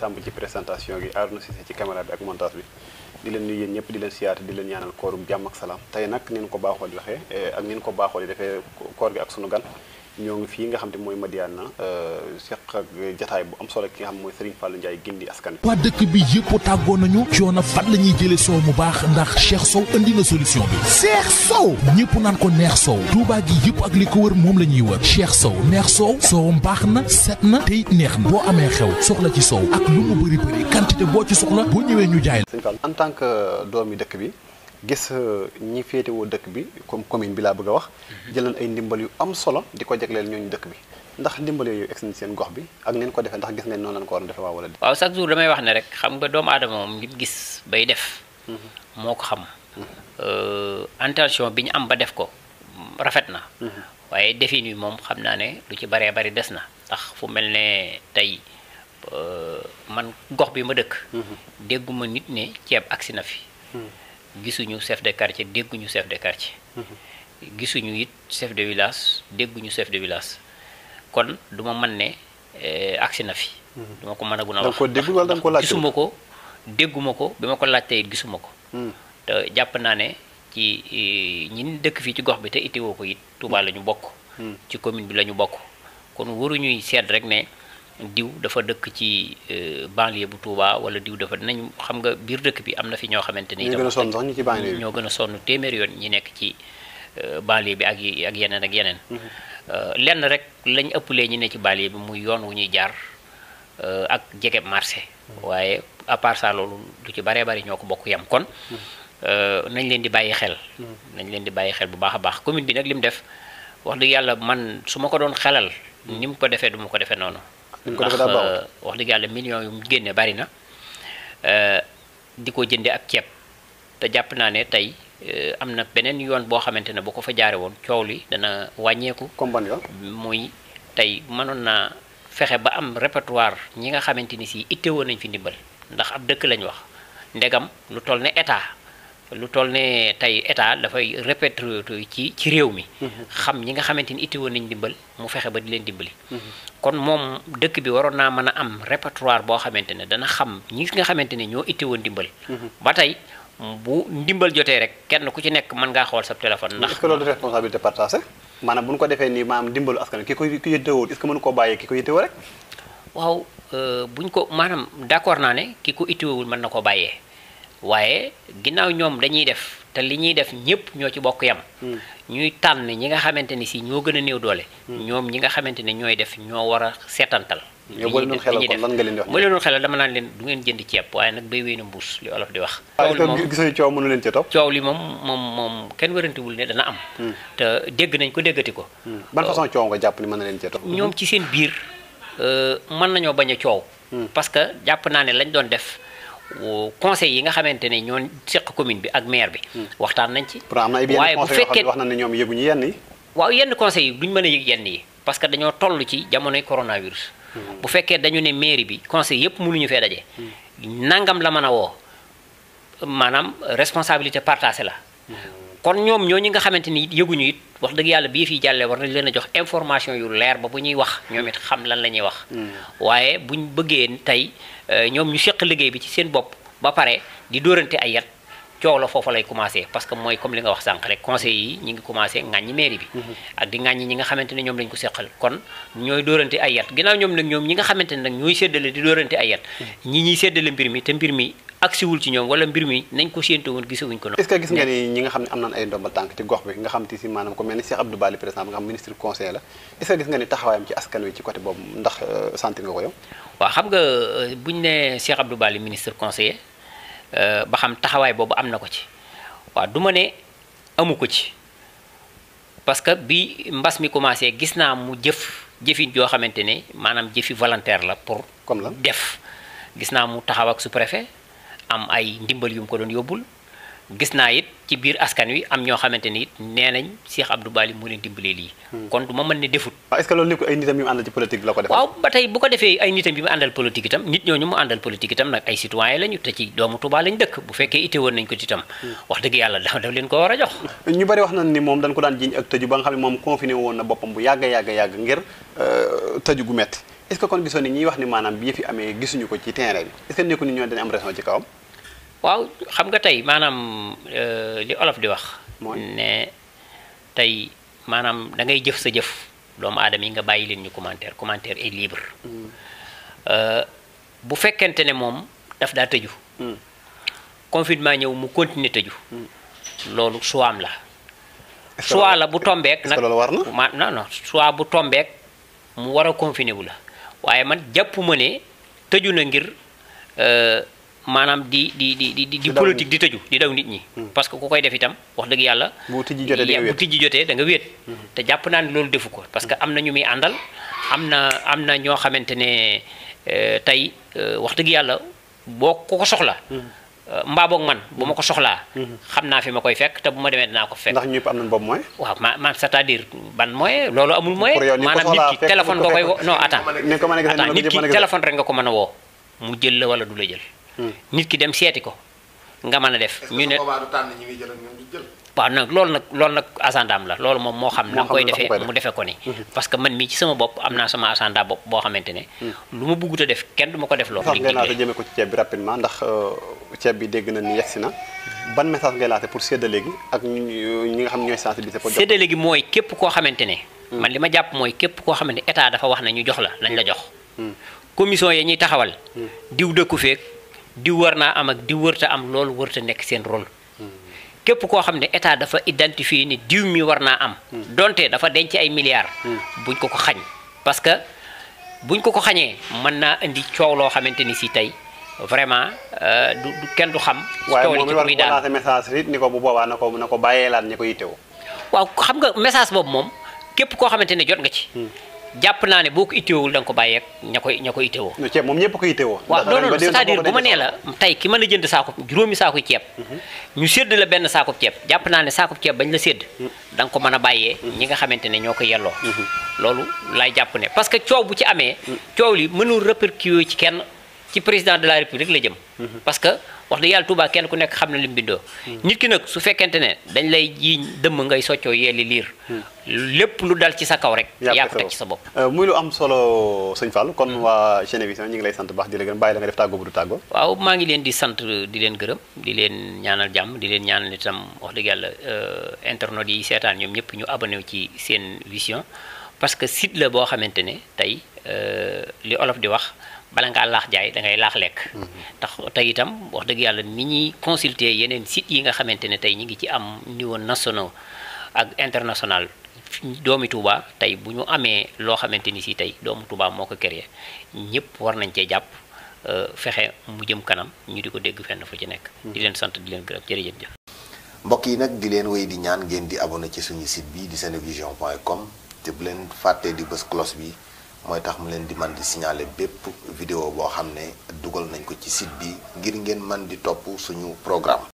Samb ci présentation gi Arouna Cissé ci caméra bi ak montage bi di leen nuyu yéen ñëpp di leen siyaate di leen ñaanal koorug jàmm ak salaam tey nag ni ñu ko baaxoo di waxee eh, ak ni ko baaxoo di defee koor gi ak sunu gan ñoo ngi fii nga xam te mooy Madiana euh, seq ak jataay bu am solo ki nga xam mooy Serigne Fallou Ndiaye gindi askan waa dëkk bi yëpp tàggoo nañu coono fan la ñuy jële soow mu baax ndax Cheikh Sow indi na solution bi Cheikh Sow ñëpp naan ko neex soow Touba gi yëpp ak li ko wër moom la ñuy wër Cheikh Sow neex soow soowam baax na set na te neex na boo amee xew soxla ci soow ak lu mu bëri bëri quantité boo ci soxla boo ñëwee ñu jaay la Serigne en tant que doomi dëkk bi gis euh, ñi féetewoo dëkk bi comme commune bi laa bëgg a wax. Mhm. jël ay ndimbal yu am solo di ko jagleel ñooñu dëkk bi ndax ndimbal yooyu egg nañ seen gox bi ak neen ko defee ndax gis ngeen noonu lañ ko war a defee waa wala. waaw chaque jour damay wax ne rek xam nga doomu aadama moom lim gis bay def. Mhm. moo ko xam. Mhm. Euh, intention bi ñu am ba def ko rafet na. waaye defin wi moom xam naa ne lu ci baree bari des na ndax fu mel ne tey. Euh, man gox bi ma dëkk. dégguma nit ne ceeb agsi na fi. gisuñu chef de quartier dégguñu chef de quartier. Mhm. gisuñu it chef de village dégguñu chef de village kon duma ma mën ne eh, agsi na fi. Mhm. du ko mën a gun a wax. ko gisuma ko dégguma ko bi ma ko laajtee it gisuma ko. Mhm. te jàpp naa ne ci eh, ñin dëkk fii ci gox bi te itteewoo ko it Touba la ñu bokk. ci commune bi la ñu bokk kon waruñuy seet rek ne. diw dafa dëkk ci euh, banlieue bu Touba wala diw dafa nañu xam nga biir dëkk bi am na fi ñoo xamante ni. ñoo gën a sonn sax ñi ci banlieue ñoo gën a sonn téeméer yoon ñi nekk ci euh, banlieue bi ak ak yeneen ak yeneen. Mhm. Euh, lenn rek lañ ëpp ëppalee ñi ne ci banlieue bi muy yoon wu ñuy jaar ak jege marché. Mhm. waaye à part loolu lu ci baree bari ñoo ko bokk yam kon. Mhm. nañ leen di bàyyi xel. nañ leen di bàyyi xel bu baax a baax commune bi nag li mu def wax du yàlla man su ma ko doon xelal. ni mu ko defee du ma ko defee noonu. ndax euh, wax dëgg yàlla millions yu mu génnee bari na euh, di ko jënde ak ceeb te jàpp naa ne tey euh, am na beneen yoon boo xamante ne bu ko fa jaaree woon coow li dana wàññeeku muy tey mënoon naa fexe ba am répertoire ñi nga xamante ni si ittewoon nañ fi ndimbal ndax ab dëkk lañ wax ndegam lu toll ne état lu toll ne tey état dafay répéter ci ci réew mi. Mhm. xam ñi nga xamante ni itteewoon nañ dimbal mu fexe ba di leen dimbali. Mhm. kon moom dëkk bi waroon naa mën a am répertoire boo xamante ne dana xam ñi nga xamante ne ñoo itteewoon dimbal. Mhm. ba tey bu ndimbal jotee rek kenn ku ci nekk mën ngaa xool sa téléphone. ndax est-ce que loolu responsabilité bu ñu ko defee nii maanaam dimbalu askan ki ko ki yittewoo est-ce que mënu koo bàyyee ki ko yittewoo rek. waaw euh, buñ ko maanaam d'accord naa ne ki ko itteewul mën na koo bàyyee. waaye ginnaaw ñoom dañuy def te li ñuy def ñëpp ñoo ci bokk yam hmm. ñuy tànn ñi nga xamante ni si ñoo gën a néew doole hmm. ñoom ñi nga xamante ne ñooy def ñoo war a seetantal hmm. li ñuy def mooy leen xelal dama naan leen du ngeen jënd ceeb waaye nag béy wéy na mbuus li olof di wax ah, coow mënu leen ci topp li moom moom moom kenn warantewul ne dana am te dégg nañ ko déggati ko ban façon coow nga jàpp ni mën na leen ci ñoom ci seen biir euh, mën nañoo bañ a coow parce que jàpp naa ne lañ doon def conseil yi nga xamante ne ñoo seq commune bi ak maire bi. Hmm. waxtaan nañ ci. waaye bu fekkee wax na ne ñoom yëguñu yenn yi. waaw yenn conseil yi duñ mën a yëg yenn yi parce que dañoo toll ci jamonoy coronavirus. Hmm. bu fekkee dañu ne mairie bi conseil yëpp ñu fee daje. Hmm. nangam la mën a woo maanaam responsabilité partagée la. kon ñoom ñoo ñi nga xamante ni yëguñu it wax dëgg yàlla bi fi jàllee war nañ leen a jox information yu leer ba bu ñuy wax ñoom it xam lan la ñuy wax hmm. waaye bu ñu bëggee tey euh, ñoom ñu seq liggéey bi ci seen bopp ba pare di dóorante ay yat ciolo fofu lay commencé parce que moy comme li nga wax sank rek conseil yi ñi ngi commencé ngagn mairie bi mm-hmm. ak di ngagn ñi nga xamanteni ñom lañ ko sekkal kon ñoy dóorante ay yat ginaaw ñom nak ñom ñi nga xamanteni nak ñoy ñooy di dóorante ay yat mm-hmm. ñi ñi séddale mbir mi te mbir mi wul ci ñom wala mbir mi nañ ko séentu woon gisawuñ ko est ce que gis nga ni ñi nga xamni ne am nañ ay ndombal tank ci gox bi nga xam ci si ko melni Cheikh Abdou Bali par nga ministre conseil la est ce que gis nga ni taxawaayam ci askan wi ci côté bob ndax euh, sentir nga ko yow wa xam nga euh, buñ ne Cheikh Abdou Bali ministre conseil Euh, ba xam taxawaay boobu am na ko ci waaw du ma ne amu ko ci parce que bi mbas mi commencé gis naa mu jëf jëfin joo xamante ne maanaam jëfi volontaire la pour comme la def gis naa mu taxaw ak sous-préfet am ay ndimbal yu mu ko doon yóbbul gis naa it ci biir askan wi am ñoo xamante ni it nee nañ Cheikh Abdou Bali moo leen dimbalee lii. Hmm. kon du ma mën ne defut. est-ce que loolu lépp ay nitam yu mu àndal ci politique la ko def. waaw ba tey bu ko defee ay nitam yu mu àndal politique itam nit ñooñu mu àndal politique itam nag ay citoyen lañu te ci doomu Touba lañ dëkk bu fekkee ite woon nañ ko ci itam. Hmm. wax dëgg yàlla dafa daf leen ko war a jox. ñu bari wax nañ ni moom dañ ko daan jiñ ak tëju ba nga xam ne moom confiné woon na boppam bu yàgg yàgg yàgg ngir euh, tëju gu metti est-ce que kon gisoon ni ñiy wax ni maanaam bi fi yi amee gisuñu ko ci terrain bi est-ce que nekku ni ñoo dañ am raison ci kawam waaw xam nga tey maanaam euh, li olof di wax ne tey maanaam da ngay jëf sa jëf doomu aadama yi nga bàyyi leen ñu commentaire commentaire est libre hmm. euh, bu fekkente ne moom daf daa tëju hmm. confinement ñëw mu continuer tëju hmm. loolu suwaam la soit la bu tombeek nag loolu war na non non soit bu tombeek mu war a confiner wu la waaye man jàpp ne tëju na ngir euh, manam di di di di di politique di tëju di daw nit ñi. Hmm. parce que ku koy def itam wax dëgg yàlla. bu tijji jotee di nga ya, bu tijji jotee da nga wéet. Hmm. te jàpp naa ne defu ko parce que hmm. amna na ñu muy àndal am na am na ñoo xamante ne euh, tey euh, wax dëgg yàlla boo ko ko soxla. Euh, mba bok man buma ko soxla xamna fi makoy fekk te buma demé dina ko fekk. ndax ñepp amna moy wa ma ma c'est-à-dire ban moy lolu amul moy manam nit ki téléphone ko koy woo non attends. ni ko téléphone rek nga ko mëna wo mu jël la wala du la jël nit ki dem seeti ko nga mëna def. ñu ne ba nak lool nak lool nak asandaam la lool mom mo xam nak koy defé mu defé ko ni mhm. parce que man mi ci sama bop amna sama asanda bop bo xamantene mhm. luma bëggu ta def kenn duma ko def lool message ngay lancé jëme ko ci ceeb bi rapidement ndax euh, ceeb bi dégg na ni yexina ban message ngay lancé pour sédé légui ak ñi nga xam ñooy sensibiliser pour sédé légui moy képp ko xamantene mhm. man lima japp moy képp ko xamantene état dafa wax na ñu jox la lañ la jox commission ya ñi taxawal diw dëkku feek di warna am ak di wërta am loolu wërta nek seen rôle képp koo xam ne état dafa identifier ni diw mi warna am donte dafa denc ay milliards buñ ko ko xañ parce que buñ ko ko xañee mën naa indi coow loo xamante ni si tey vraiment euh, du du kenn du xam waaye moom message ni ko bu boobaa na ko na ko bàyyeelaat ñi ko yittewoo waaw xam nga message boobu moom képp koo xamante jot nga ci hmm. jàpp naa ne boo ko itteewul da nga ko bàyyeek ña koy ña koy itteewoo. ceeb moom ñëpp ko itteewoo. waaw non non bu ma nee la tey ki mën a jënd saako juróomi saako ceeb. Mhm. ñu sédd la benn saako ceeb jàpp naa ne saako ceeb bañ la sédd. Mhm. da nga ko mën a bàyyee. Mhm. ñi nga xamante ne ñoo ko yelloo. loolu laay jàpp ne parce que coow bu ci amee. coow li mënul répercuter ci kenn. ci président de la république la jëm mhm. parce que wax dëgg yalla Touba kenn ku nek xamna lim bindo mhm. nit ki nak su fekente ne dañ lay jiiñ dem ngay soccio yeli lire mhm. lepp lu dal ci sa kaw rek ya ko tek ci sa bopp euh, muy lu am solo seigne Fall kon wa Geneviève ñi ngi lay sante bax di la gën bay la nga def tàggoo bu du tàggoo waaw ma ngi leen di sante di leen gëreum di leen ñaanal jamm di leen ñaanal itam wax yalla euh internet yi sétane ñom ñëpp ñu abonné ci seen vision parce que site la bo xamantene tay euh li olof di wax bala ngaa jay jaay da ngay laax lek tax tay itam wax deug yalla ni ñi consulter yeneen site yi nga xamantene tay ñi ngi ci am niveau national ak international doomi Touba tay bu ñu amee loo xamante ni si doomu Touba moko créer ñepp war nañ japp euh fexé mu jëm kanam ñu di ko dégg fenn fu ci nek di leen sant di leen gërëm jërëjëf jëf. mbokk yi nak di leen wëy di ñaan ngeen di abonné ci suñu site bi di senevision.com te bu leen di bës cloche bi. mooy tax mu leen di man di signaler bépp vidéo boo xam ne dugal nañ ko ci site bi ngir ngeen man di topp suñu programme